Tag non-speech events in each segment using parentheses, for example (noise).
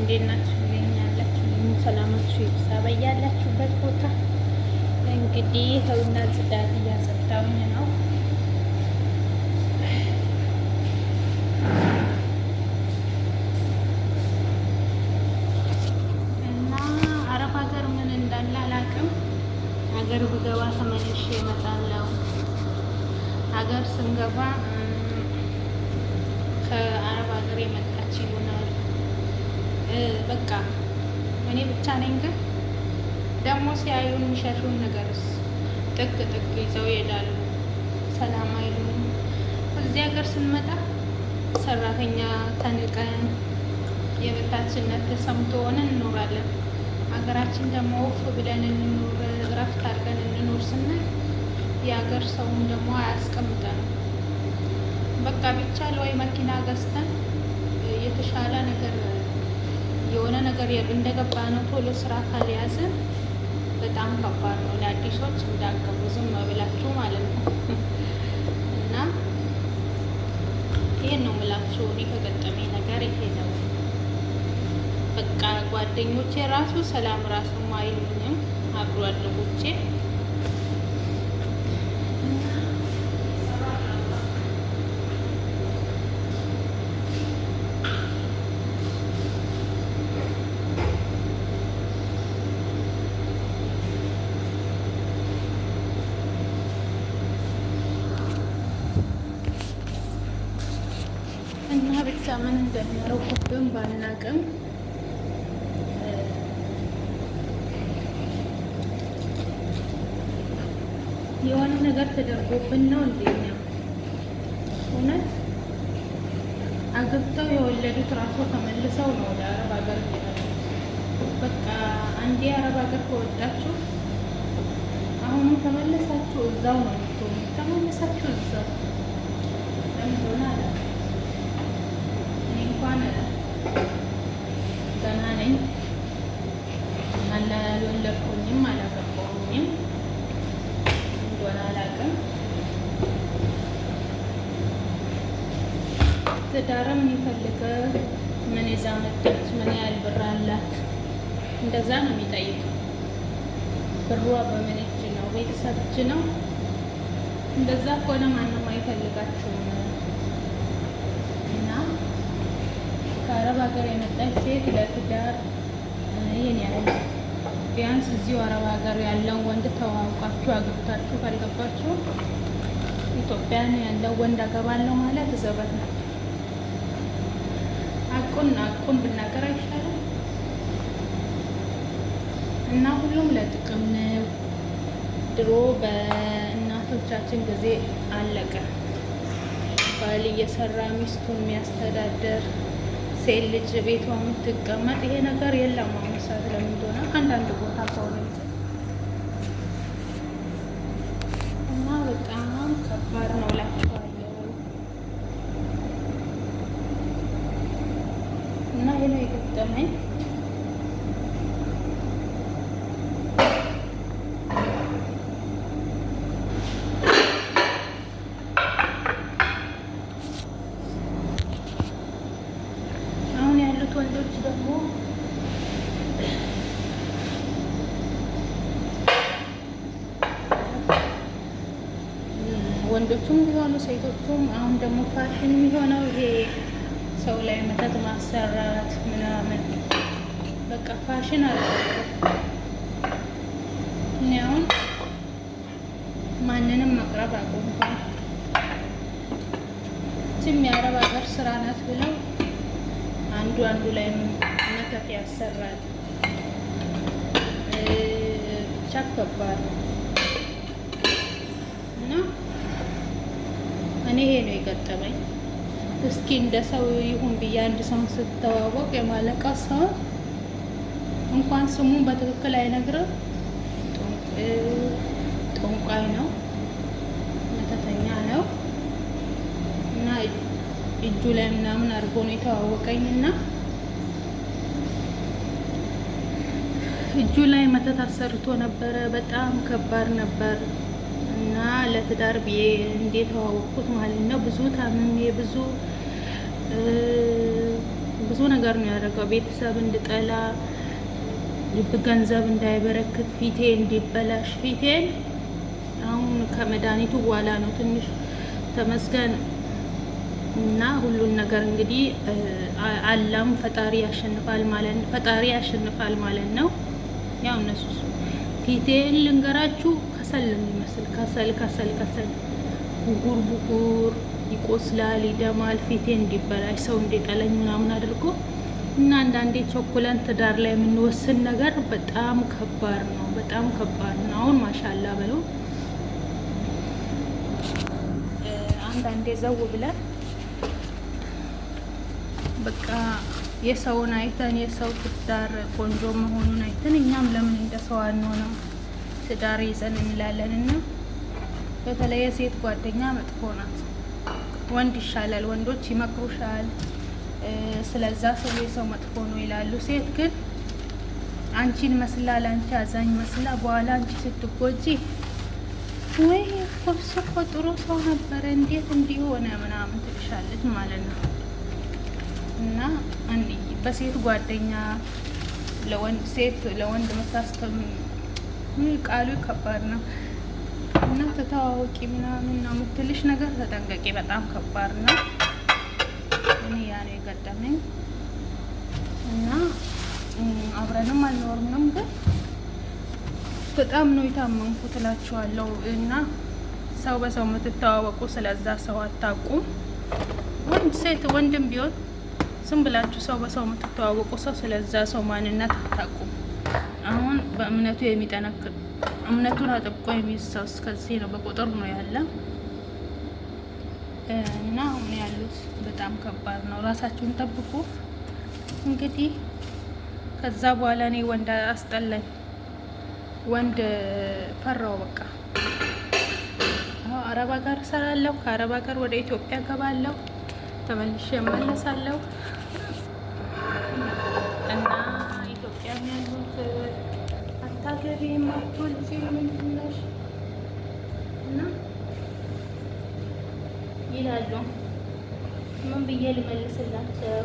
እንዴት ናችሁ? ይገኛላችሁ ሰላማችሁ ይብዛ በያላችሁበት ቦታ። እንግዲህ ይኸውና ጽዳት እያጸዳሁኝ ነው። አረብ ሀገር ምን እንዳለ ሀገር ብገባ ተመልሼ እመጣለሁ። ሀገር ስንገባ እኔ ብቻ ነኝ። ግን ደግሞ ሲያዩን የሚሸሹን ነገርስ ጥግ ጥግ ይዘው ይሄዳሉ። ሰላም አይሉም። እዚህ ሀገር ስንመጣ ሰራተኛ ተንቀን የበታችነት ሆነ እንኖራለን። ሀገራችን ደግሞ ውፍ ብለን እንኖር እረፍት አድርገን እንኖር ስንል የሀገር ሰውም ደግሞ አያስቀምጠንም። በቃ ቢቻል ወይ መኪና ገዝተን የተሻለ ነገር የሆነ ነገር እንደገባ ነው ቶሎ ስራ ካልያዘ በጣም ከባድ ነው። ለአዲሶች እንዳገቡ ዝም ብላችሁ ማለት ነው። እና ይህን ነው ምላችሁ። እኔ ከገጠመኝ ነገር ይሄ ነው። በቃ ጓደኞቼ ራሱ ሰላም ራሱ አይሉኝም አብሮ አደጎቼ ምን እንደሚያረጉብን ባናቅም የሆነ ነገር ተደርጎብን ነው እንደኛ እውነት አግብተው የወለዱት ራሱ ተመልሰው ነው ወደ አረብ ሀገር በቃ አንዴ አረብ ሀገር ከወጣችሁ አሁኑ ተመለሳችሁ እዛው ነው ተመለሳችሁ እዛው ለምን ሆነ አላ እንኳን ገና ነኝ አልወለድኩኝም፣ አላገባሁኝም እንደሆነ አላውቅም። ትዳር ምን ይፈልገ ምን ይዛ መጣች፣ ምን ያህል ብር አላት፣ እንደዛ ነው የሚጠይቀው። ብሯ በምን እጅ ነው? ቤተሰብ እጅ ነው? እንደዛ ከሆነ ማንም አይፈልጋችሁም። ሀገር የመጣች ሴት ለትዳር ይህን ያህል ቢያንስ እዚሁ አረብ ሀገር ያለውን ወንድ ተዋውቃችሁ አግብታችሁ ካልገባችሁ ኢትዮጵያን ያለው ወንድ አገባለሁ ማለት ዘበት ነው። አቁን አቁን ብናገር አይሻልም? እና ሁሉም ለጥቅም ነው። ድሮ በእናቶቻችን ጊዜ አለቀ። ባል እየሰራ ሚስቱን የሚያስተዳደር ሴት ልጅ ቤቷ የምትቀመጥ ይሄ ነገር የለም። አሁን ሰዓት ለምን እንደሆነ አንዳንድ ቦታ ከሆነ ወንዶቹም ቢሆኑ ሴቶቹም። አሁን ደግሞ ፋሽን የሚሆነው ይሄ ሰው ላይ መተት ማሰራት ምናምን በቃ ፋሽን አለ። እኔ አሁን ማንንም መቅረብ አቆምኳል። እችም የአረብ ሀገር ስራ ናት ብለው አንዱ አንዱ ላይ መተት ያሰራል። ብቻ ከባድ እና እኔ ይሄ ነው የገጠመኝ። እስኪ እንደ ሰው ይሁን ብዬ አንድ ሰው ስትተዋወቅ የማለቃ ሰው እንኳን ስሙን በትክክል አይነግርም። ጠንቋይ ነው፣ መተተኛ ነው እና እጁ ላይ ምናምን አድርጎ ነው የተዋወቀኝ እና እጁ ላይ መተት አሰርቶ ነበረ። በጣም ከባድ ነበር። እና ለትዳር ብዬ እንዴት ማለት ነው። ብዙ ታምሜ ብዙ ብዙ ነገር ነው ያደረገው። ቤተሰብ እንድጠላ፣ ልብ ገንዘብ እንዳይበረክት፣ ፊቴ እንዲበላሽ ፊቴን አሁን ከመድኃኒቱ በኋላ ነው ትንሽ ተመስገን እና ሁሉን ነገር እንግዲህ አላም ፈጣሪ ያሸንፋል ማለት ፈጣሪ ያሸንፋል ማለት ነው። ያው እነሱ ፊቴን ልንገራችሁ ከሰል ነው የሚመስል ከሰል ከሰል ከሰል ብጉር ብጉር ይቆስላል፣ ይደማል፣ ፊቴ እንዲበላሽ ሰው እንዲጠለኝ ምናምን አድርጎ እና አንዳንዴ ቸኩለን ትዳር ላይ የምንወስን ነገር በጣም ከባድ ነው፣ በጣም ከባድ ነው። አሁን ማሻላ በሉ አንዳንዴ ዘው ብለን በቃ የሰውን አይተን የሰው ትዳር ቆንጆ መሆኑን አይተን እኛም ለምን እንደ ሰው አንሆነም? ትዳር ይዘን እንላለን እና በተለይ የሴት ጓደኛ መጥፎ ናት። ወንድ ይሻላል፣ ወንዶች ይመክሩሻል፣ ስለዛ ሰው የሰው መጥፎ ነው ይላሉ። ሴት ግን አንቺን መስላ ለአንቺ አዛኝ መስላ በኋላ አንቺ ስትጎጂ ወይ ኮብሶ እኮ ጥሩ ሰው ነበረ እንዴት እንዲሆነ ምናምን ትልሻለች ማለት ነው። እና በሴት ጓደኛ ለወንድ ሴት ለወንድ መታስተም ቃሉ ከባድ ነው እና ተተዋወቂ ምናምን ነው የምትልሽ ነገር ተጠንቀቂ። በጣም ከባድ ነው። እኔ ያ ነው የገጠመኝ እና አብረንም አልኖርንም፣ ግን በጣም ነው የታመንኩት እላችኋለሁ። እና ሰው በሰው የምትተዋወቁ ስለዛ ሰው አታውቁም። ወንድ ሴት ወንድም ቢሆን ዝም ብላችሁ ሰው በሰው የምትተዋወቁ ሰው ስለዛ ሰው ማንነት አታውቁም። አሁን በእምነቱ የሚጠነክር እምነቱን አጥብቆ የሚሰው እስከዚህ ነው። በቁጥር ነው ያለ እና አሁን ያሉት በጣም ከባድ ነው። ራሳችሁን ጠብቁ። እንግዲህ ከዛ በኋላ እኔ ወንድ አስጠላኝ፣ ወንድ ፈራው። በቃ አረብ ሀገር እሰራለሁ፣ ከአረብ ሀገር ወደ ኢትዮጵያ ገባለሁ፣ ተመልሼ እመለሳለሁ። ነው ያሉት። አታገቢም አትወልጂም ምንድን ነሽ እና ይላሉ። ምን ብዬ ልመልስላቸው?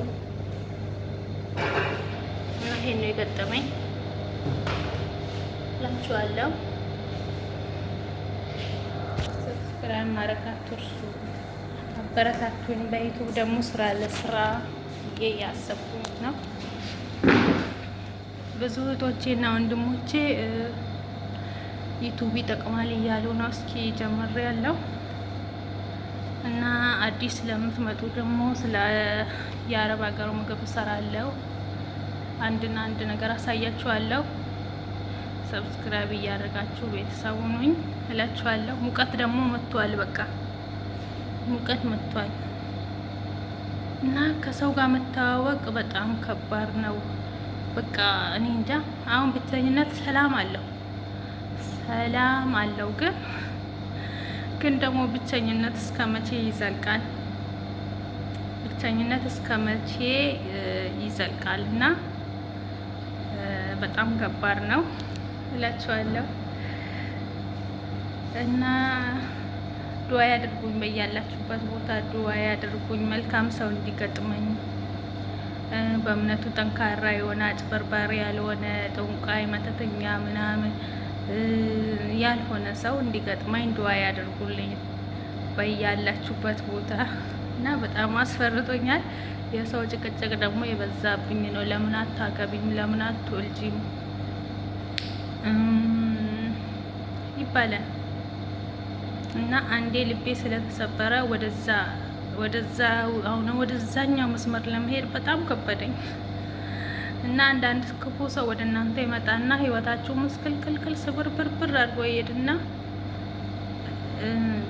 ይሄን ነው የገጠመኝ ላችኋለሁ። ሰብስክራይብ ማድረግ አትርሱ። አበረታቱኝ። በዩቱብ ደግሞ ስራ ለስራ እያሰብኩኝ ነው። ብዙ እህቶቼና ወንድሞቼ ዩቱብ ይጠቅማል እያሉ ነው። እስኪ ጀምር ያለው እና አዲስ ለምትመጡ ደግሞ ስለ የአረብ ሀገር ምግብ እሰራለሁ። አንድና አንድ ነገር አሳያችኋለሁ። ሰብስክራይብ እያደረጋችሁ ቤተሰቡ ነኝ እላችኋለሁ። ሙቀት ደግሞ መጥቷል። በቃ ሙቀት መጥቷል እና ከሰው ጋር መተዋወቅ በጣም ከባድ ነው። በቃ እኔ እንጃ። አሁን ብቸኝነት ሰላም አለው ሰላም አለው፣ ግን (laughs) ግን ደግሞ ብቸኝነት እስከ መቼ ይዘልቃል? ብቸኝነት እስከ መቼ ይዘልቃል? እና በጣም ገባር ነው እላችኋለሁ። እና ዱዓ ያድርጉኝ፣ በያላችሁበት ቦታ ዱዓ ያድርጉኝ። መልካም ሰው እንዲገጥመኝ በእምነቱ ጠንካራ የሆነ አጭበርባሪ ያልሆነ ጠንቋይ፣ መተተኛ ምናምን ያልሆነ ሰው እንዲገጥማኝ ድዋ ያደርጉልኝ በያላችሁበት ቦታ እና በጣም አስፈርቶኛል። የሰው ጭቅጭቅ ደግሞ የበዛብኝ ነው። ለምን አታገቢም፣ ለምን አትወልጂም ይባላል እና አንዴ ልቤ ስለተሰበረ ወደዛ ወደዛ አሁን ወደዛኛው መስመር ለመሄድ በጣም ከበደኝ እና አንዳንድ ክፉ ሰው ወደ እናንተ ይመጣና ህይወታችሁ ምስቅልቅልቅል ስብርብርብር አድርጎ ይሄድና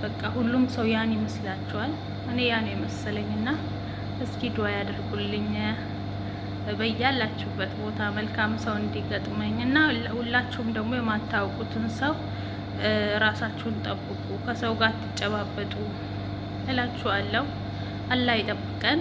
በቃ ሁሉም ሰው ያን ይመስላችኋል። እኔ ያን የመሰለኝና እስኪ ዱዓ ያደርጉልኝ በያላችሁበት ቦታ መልካም ሰው እንዲገጥመኝ እና ሁላችሁም ደግሞ የማታውቁትን ሰው ራሳችሁን ጠብቁ፣ ከሰው ጋር አትጨባበጡ። እላችኋለሁ። አላህ ይጠብቀን።